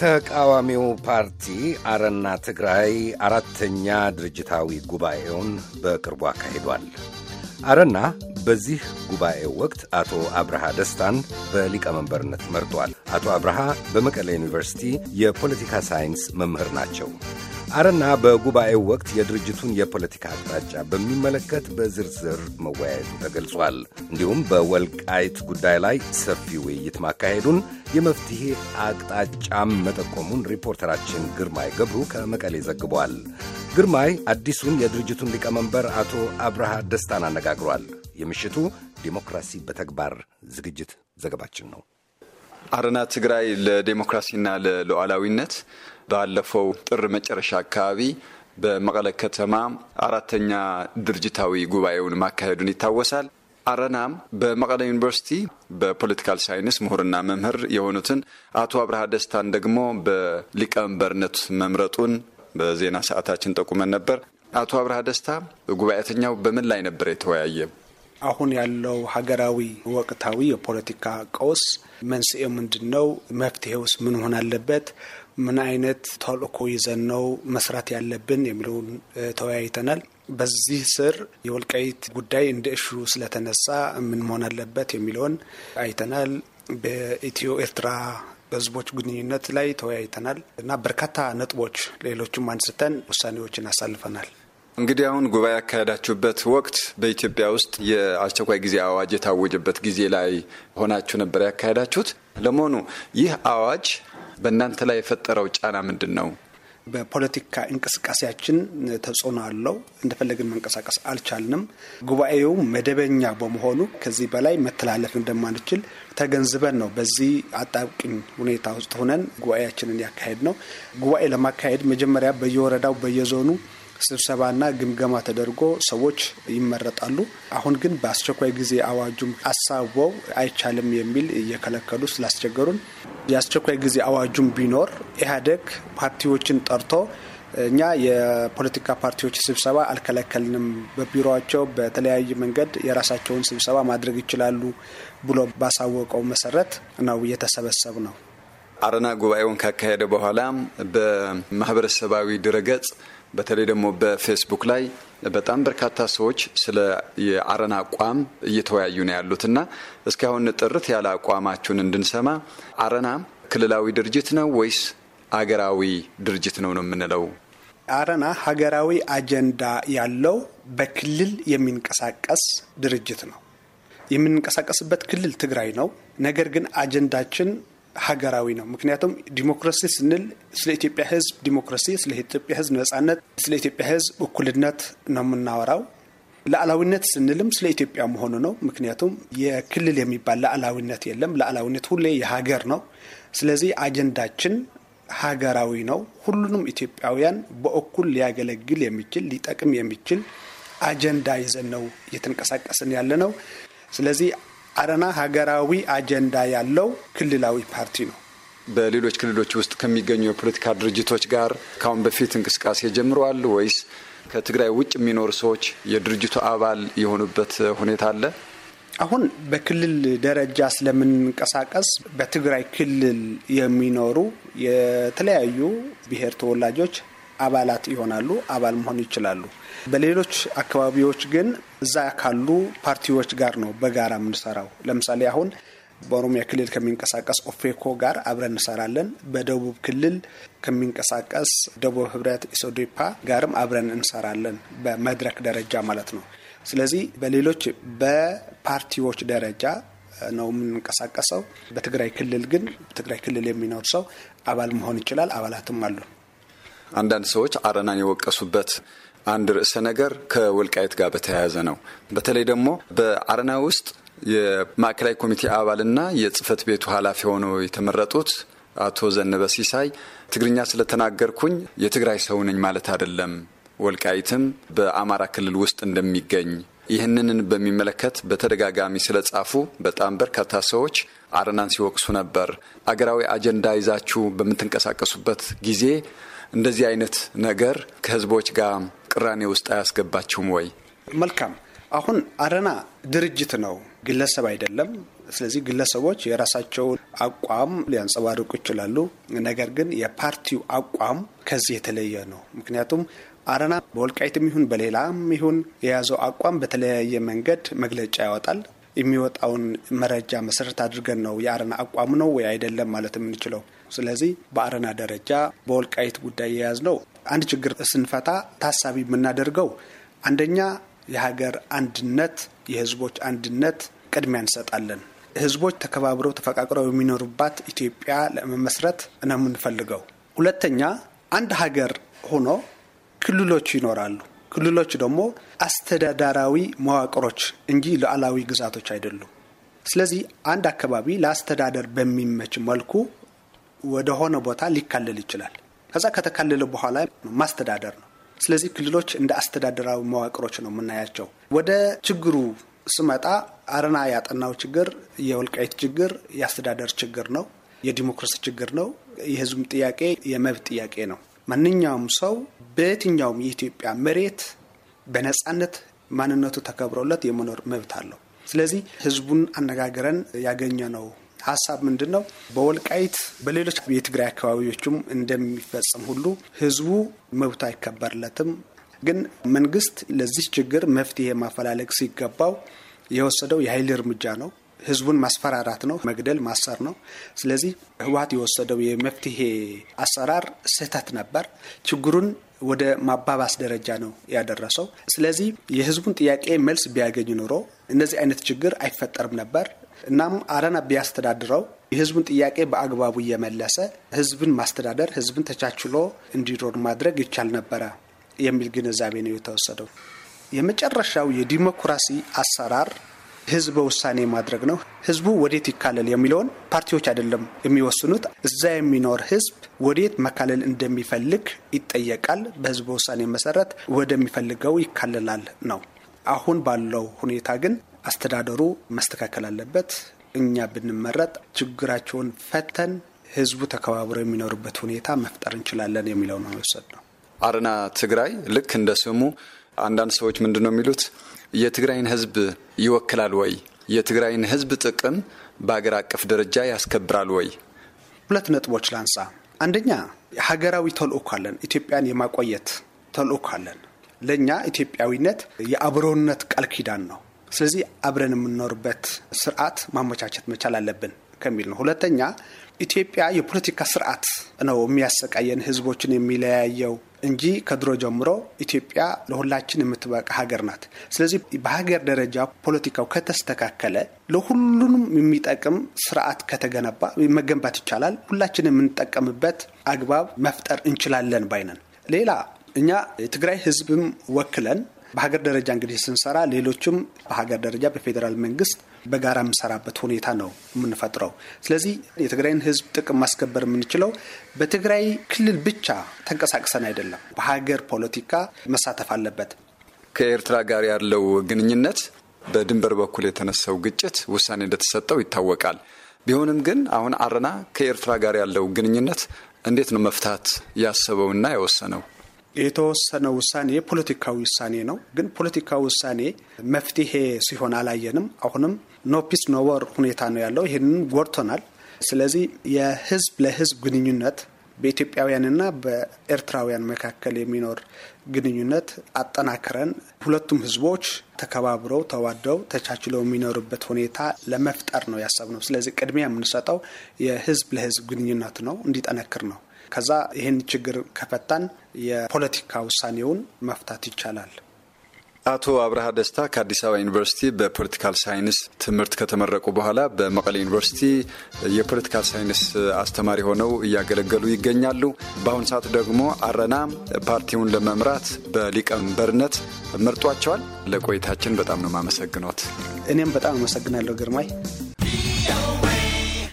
ተቃዋሚው ፓርቲ አረና ትግራይ አራተኛ ድርጅታዊ ጉባኤውን በቅርቡ አካሂዷል። አረና በዚህ ጉባኤው ወቅት አቶ አብርሃ ደስታን በሊቀመንበርነት መርጧል። አቶ አብርሃ በመቀሌ ዩኒቨርሲቲ የፖለቲካ ሳይንስ መምህር ናቸው። አረና በጉባኤው ወቅት የድርጅቱን የፖለቲካ አቅጣጫ በሚመለከት በዝርዝር መወያየቱ ተገልጿል። እንዲሁም በወልቃይት ጉዳይ ላይ ሰፊ ውይይት ማካሄዱን የመፍትሄ አቅጣጫም መጠቆሙን ሪፖርተራችን ግርማይ ገብሩ ከመቀሌ ዘግቧል። ግርማይ አዲሱን የድርጅቱን ሊቀመንበር አቶ አብርሃ ደስታን አነጋግሯል። የምሽቱ ዴሞክራሲ በተግባር ዝግጅት ዘገባችን ነው። አረና ትግራይ ለዴሞክራሲና ለሉዓላዊነት ባለፈው ጥር መጨረሻ አካባቢ በመቀለ ከተማ አራተኛ ድርጅታዊ ጉባኤውን ማካሄዱን ይታወሳል። አረናም በመቀለ ዩኒቨርሲቲ በፖለቲካል ሳይንስ ምሁርና መምህር የሆኑትን አቶ አብርሃ ደስታን ደግሞ በሊቀመንበርነት መምረጡን በዜና ሰዓታችን ጠቁመን ነበር። አቶ አብርሃ ደስታ ጉባኤተኛው በምን ላይ ነበር የተወያየ? አሁን ያለው ሀገራዊ ወቅታዊ የፖለቲካ ቀውስ መንስኤ ምንድን ነው? መፍትሄውስ ምን ሆን አለበት? ምን አይነት ተልእኮ ይዘን ነው መስራት ያለብን የሚለውን ተወያይተናል። በዚህ ስር የወልቃይት ጉዳይ እንደ እሹ ስለተነሳ ምን መሆን አለበት የሚለውን አይተናል። በኢትዮ ኤርትራ በህዝቦች ግንኙነት ላይ ተወያይተናል እና በርካታ ነጥቦች ሌሎችም አንስተን ውሳኔዎችን አሳልፈናል። እንግዲህ አሁን ጉባኤ ያካሄዳችሁበት ወቅት በኢትዮጵያ ውስጥ የአስቸኳይ ጊዜ አዋጅ የታወጀበት ጊዜ ላይ ሆናችሁ ነበር ያካሄዳችሁት። ለመሆኑ ይህ አዋጅ በእናንተ ላይ የፈጠረው ጫና ምንድን ነው? በፖለቲካ እንቅስቃሴያችን ተጽዕኖ አለው። እንደፈለግን መንቀሳቀስ አልቻልንም። ጉባኤው መደበኛ በመሆኑ ከዚህ በላይ መተላለፍ እንደማንችል ተገንዝበን ነው በዚህ አጣብቅኝ ሁኔታ ውስጥ ሆነን ጉባኤያችንን ያካሄድ ነው። ጉባኤ ለማካሄድ መጀመሪያ በየወረዳው በየዞኑ ስብሰባና ግምገማ ተደርጎ ሰዎች ይመረጣሉ። አሁን ግን በአስቸኳይ ጊዜ አዋጁም አሳበው አይቻልም የሚል እየከለከሉ ስላስቸገሩን የአስቸኳይ ጊዜ አዋጁም ቢኖር ኢህአዴግ ፓርቲዎችን ጠርቶ እኛ የፖለቲካ ፓርቲዎች ስብሰባ አልከለከልንም፣ በቢሮቸው በተለያየ መንገድ የራሳቸውን ስብሰባ ማድረግ ይችላሉ ብሎ ባሳወቀው መሰረት ነው እየተሰበሰብ ነው። አረና ጉባኤውን ካካሄደ በኋላ በማህበረሰባዊ ድረገጽ በተለይ ደግሞ በፌስቡክ ላይ በጣም በርካታ ሰዎች ስለ የአረና አቋም እየተወያዩ ነው ያሉት እና እስካሁን ጥርት ያለ አቋማችሁን እንድንሰማ አረና ክልላዊ ድርጅት ነው ወይስ አገራዊ ድርጅት ነው ነው የምንለው? አረና ሀገራዊ አጀንዳ ያለው በክልል የሚንቀሳቀስ ድርጅት ነው። የምንንቀሳቀስበት ክልል ትግራይ ነው። ነገር ግን አጀንዳችን ሀገራዊ ነው። ምክንያቱም ዲሞክራሲ ስንል ስለ ኢትዮጵያ ህዝብ ዲሞክራሲ፣ ስለ ኢትዮጵያ ህዝብ ነጻነት፣ ስለ ኢትዮጵያ ህዝብ እኩልነት ነው የምናወራው። ሉዓላዊነት ስንልም ስለ ኢትዮጵያ መሆኑ ነው። ምክንያቱም የክልል የሚባል ሉዓላዊነት የለም። ሉዓላዊነት ሁሌ የሀገር ነው። ስለዚህ አጀንዳችን ሀገራዊ ነው። ሁሉንም ኢትዮጵያውያን በእኩል ሊያገለግል የሚችል ሊጠቅም የሚችል አጀንዳ ይዘን ነው እየተንቀሳቀስን ያለ ነው። ስለዚህ አረና ሀገራዊ አጀንዳ ያለው ክልላዊ ፓርቲ ነው። በሌሎች ክልሎች ውስጥ ከሚገኙ የፖለቲካ ድርጅቶች ጋር ካሁን በፊት እንቅስቃሴ ጀምረዋል ወይስ ከትግራይ ውጭ የሚኖሩ ሰዎች የድርጅቱ አባል የሆኑበት ሁኔታ አለ? አሁን በክልል ደረጃ ስለምንንቀሳቀስ በትግራይ ክልል የሚኖሩ የተለያዩ ብሔር ተወላጆች አባላት ይሆናሉ፣ አባል መሆን ይችላሉ። በሌሎች አካባቢዎች ግን እዛ ካሉ ፓርቲዎች ጋር ነው በጋራ የምንሰራው። ለምሳሌ አሁን በኦሮሚያ ክልል ከሚንቀሳቀስ ኦፌኮ ጋር አብረን እንሰራለን። በደቡብ ክልል ከሚንቀሳቀስ ደቡብ ህብረት ኢሶዴፓ ጋርም አብረን እንሰራለን፣ በመድረክ ደረጃ ማለት ነው። ስለዚህ በሌሎች በፓርቲዎች ደረጃ ነው የምንንቀሳቀሰው። በትግራይ ክልል ግን ትግራይ ክልል የሚኖር ሰው አባል መሆን ይችላል። አባላትም አሉ። አንዳንድ ሰዎች አረናን የወቀሱበት አንድ ርዕሰ ነገር ከወልቃይት ጋር በተያያዘ ነው። በተለይ ደግሞ በአረና ውስጥ የማዕከላዊ ኮሚቴ አባልና የጽህፈት ቤቱ ኃላፊ ሆነው የተመረጡት አቶ ዘነበ ሲሳይ ትግርኛ ስለተናገርኩኝ የትግራይ ሰው ነኝ ማለት አይደለም፣ ወልቃይትም በአማራ ክልል ውስጥ እንደሚገኝ ይህንን በሚመለከት በተደጋጋሚ ስለጻፉ በጣም በርካታ ሰዎች አረናን ሲወቅሱ ነበር። አገራዊ አጀንዳ ይዛችሁ በምትንቀሳቀሱበት ጊዜ እንደዚህ አይነት ነገር ከህዝቦች ጋር ቅራኔ ውስጥ አያስገባችሁም ወይ? መልካም አሁን አረና ድርጅት ነው፣ ግለሰብ አይደለም። ስለዚህ ግለሰቦች የራሳቸውን አቋም ሊያንጸባርቁ ይችላሉ። ነገር ግን የፓርቲው አቋም ከዚህ የተለየ ነው። ምክንያቱም አረና በወልቃይትም ይሁን በሌላም ይሁን የያዘው አቋም በተለያየ መንገድ መግለጫ ያወጣል። የሚወጣውን መረጃ መሰረት አድርገን ነው የአረና አቋም ነው ወይ አይደለም ማለት የምንችለው። ስለዚህ በአረና ደረጃ በወልቃይት ጉዳይ የያዝ ነው። አንድ ችግር ስንፈታ ታሳቢ የምናደርገው አንደኛ የሀገር አንድነት፣ የህዝቦች አንድነት ቅድሚያ እንሰጣለን። ህዝቦች ተከባብረው ተፈቃቅረው የሚኖሩባት ኢትዮጵያ ለመመስረት ነው የምንፈልገው። ሁለተኛ አንድ ሀገር ሆኖ ክልሎች ይኖራሉ። ክልሎች ደግሞ አስተዳዳራዊ መዋቅሮች እንጂ ሉዓላዊ ግዛቶች አይደሉም። ስለዚህ አንድ አካባቢ ለአስተዳደር በሚመች መልኩ ወደሆነ ቦታ ሊካለል ይችላል። ከዛ ከተካለለ በኋላ ማስተዳደር ነው። ስለዚህ ክልሎች እንደ አስተዳደራዊ መዋቅሮች ነው የምናያቸው። ወደ ችግሩ ስመጣ አረና ያጠናው ችግር የወልቃይት ችግር የአስተዳደር ችግር ነው፣ የዲሞክራሲ ችግር ነው፣ የህዝብ ጥያቄ የመብት ጥያቄ ነው። ማንኛውም ሰው በየትኛውም የኢትዮጵያ መሬት በነጻነት ማንነቱ ተከብሮለት የመኖር መብት አለው። ስለዚህ ህዝቡን አነጋግረን ያገኘ ነው ሀሳብ ምንድን ነው? በወልቃይት በሌሎች የትግራይ አካባቢዎችም እንደሚፈጸም ሁሉ ህዝቡ መብቱ አይከበርለትም። ግን መንግስት ለዚህ ችግር መፍትሄ ማፈላለግ ሲገባው የወሰደው የኃይል እርምጃ ነው። ህዝቡን ማስፈራራት ነው፣ መግደል፣ ማሰር ነው። ስለዚህ ህወሀት የወሰደው የመፍትሄ አሰራር ስህተት ነበር። ችግሩን ወደ ማባባስ ደረጃ ነው ያደረሰው። ስለዚህ የህዝቡን ጥያቄ መልስ ቢያገኝ ኖሮ እነዚህ አይነት ችግር አይፈጠርም ነበር። እናም አረና ቢያስተዳድረው የህዝቡን ጥያቄ በአግባቡ እየመለሰ ህዝብን ማስተዳደር፣ ህዝብን ተቻችሎ እንዲኖር ማድረግ ይቻል ነበረ የሚል ግንዛቤ ነው የተወሰደው። የመጨረሻው የዲሞክራሲ አሰራር ህዝበ ውሳኔ ማድረግ ነው። ህዝቡ ወዴት ይካለል የሚለውን ፓርቲዎች አይደለም የሚወስኑት። እዛ የሚኖር ህዝብ ወዴት መካለል እንደሚፈልግ ይጠየቃል። በህዝበ ውሳኔ መሰረት ወደሚፈልገው ይካለላል ነው። አሁን ባለው ሁኔታ ግን አስተዳደሩ መስተካከል አለበት። እኛ ብንመረጥ ችግራቸውን ፈተን ህዝቡ ተከባብሮ የሚኖርበት ሁኔታ መፍጠር እንችላለን ነው መውሰድ ነው። አረና ትግራይ ልክ እንደ ስሙ አንዳንድ ሰዎች ምንድን ነው የሚሉት የትግራይን ህዝብ ይወክላል ወይ? የትግራይን ህዝብ ጥቅም በአገር አቀፍ ደረጃ ያስከብራል ወይ? ሁለት ነጥቦች ላንሳ። አንደኛ ሀገራዊ ተልእኮ አለን። ኢትዮጵያን የማቆየት ተልእኮ አለን። ለእኛ ኢትዮጵያዊነት የአብሮነት ቃል ኪዳን ነው። ስለዚህ አብረን የምንኖርበት ስርዓት ማመቻቸት መቻል አለብን ከሚል ነው። ሁለተኛ ኢትዮጵያ የፖለቲካ ስርዓት ነው የሚያሰቃየን ህዝቦችን የሚለያየው እንጂ ከድሮ ጀምሮ ኢትዮጵያ ለሁላችን የምትበቃ ሀገር ናት። ስለዚህ በሀገር ደረጃ ፖለቲካው ከተስተካከለ ለሁሉንም የሚጠቅም ስርዓት ከተገነባ መገንባት ይቻላል። ሁላችን የምንጠቀምበት አግባብ መፍጠር እንችላለን ባይነን ሌላ እኛ የትግራይ ህዝብም ወክለን በሀገር ደረጃ እንግዲህ ስንሰራ ሌሎችም በሀገር ደረጃ በፌዴራል መንግስት በጋራ የምንሰራበት ሁኔታ ነው የምንፈጥረው። ስለዚህ የትግራይን ህዝብ ጥቅም ማስከበር የምንችለው በትግራይ ክልል ብቻ ተንቀሳቅሰን አይደለም። በሀገር ፖለቲካ መሳተፍ አለበት። ከኤርትራ ጋር ያለው ግንኙነት በድንበር በኩል የተነሳው ግጭት ውሳኔ እንደተሰጠው ይታወቃል። ቢሆንም ግን አሁን አረና ከኤርትራ ጋር ያለው ግንኙነት እንዴት ነው መፍታት ያሰበውና የወሰነው? የተወሰነ ውሳኔ ፖለቲካዊ ውሳኔ ነው። ግን ፖለቲካዊ ውሳኔ መፍትሄ ሲሆን አላየንም። አሁንም ኖፒስ ወር ሁኔታ ነው ያለው። ይህንን ጎድቶናል። ስለዚህ የህዝብ ለህዝብ ግንኙነት በኢትዮጵያውያንና በኤርትራውያን መካከል የሚኖር ግንኙነት አጠናክረን ሁለቱም ህዝቦች ተከባብረው ተዋደው ተቻችለው የሚኖርበት ሁኔታ ለመፍጠር ነው ያሰብነው። ስለዚህ ቅድሚያ የምንሰጠው የህዝብ ለህዝብ ግንኙነት ነው እንዲጠነክር ነው። ከዛ ይህን ችግር ከፈታን የፖለቲካ ውሳኔውን መፍታት ይቻላል። አቶ አብርሃ ደስታ ከአዲስ አበባ ዩኒቨርሲቲ በፖለቲካል ሳይንስ ትምህርት ከተመረቁ በኋላ በመቀሌ ዩኒቨርሲቲ የፖለቲካል ሳይንስ አስተማሪ ሆነው እያገለገሉ ይገኛሉ። በአሁኑ ሰዓት ደግሞ አረና ፓርቲውን ለመምራት በሊቀመንበርነት መርጧቸዋል። ለቆይታችን በጣም ነው ማመሰግኖት። እኔም በጣም አመሰግናለሁ ግርማይ።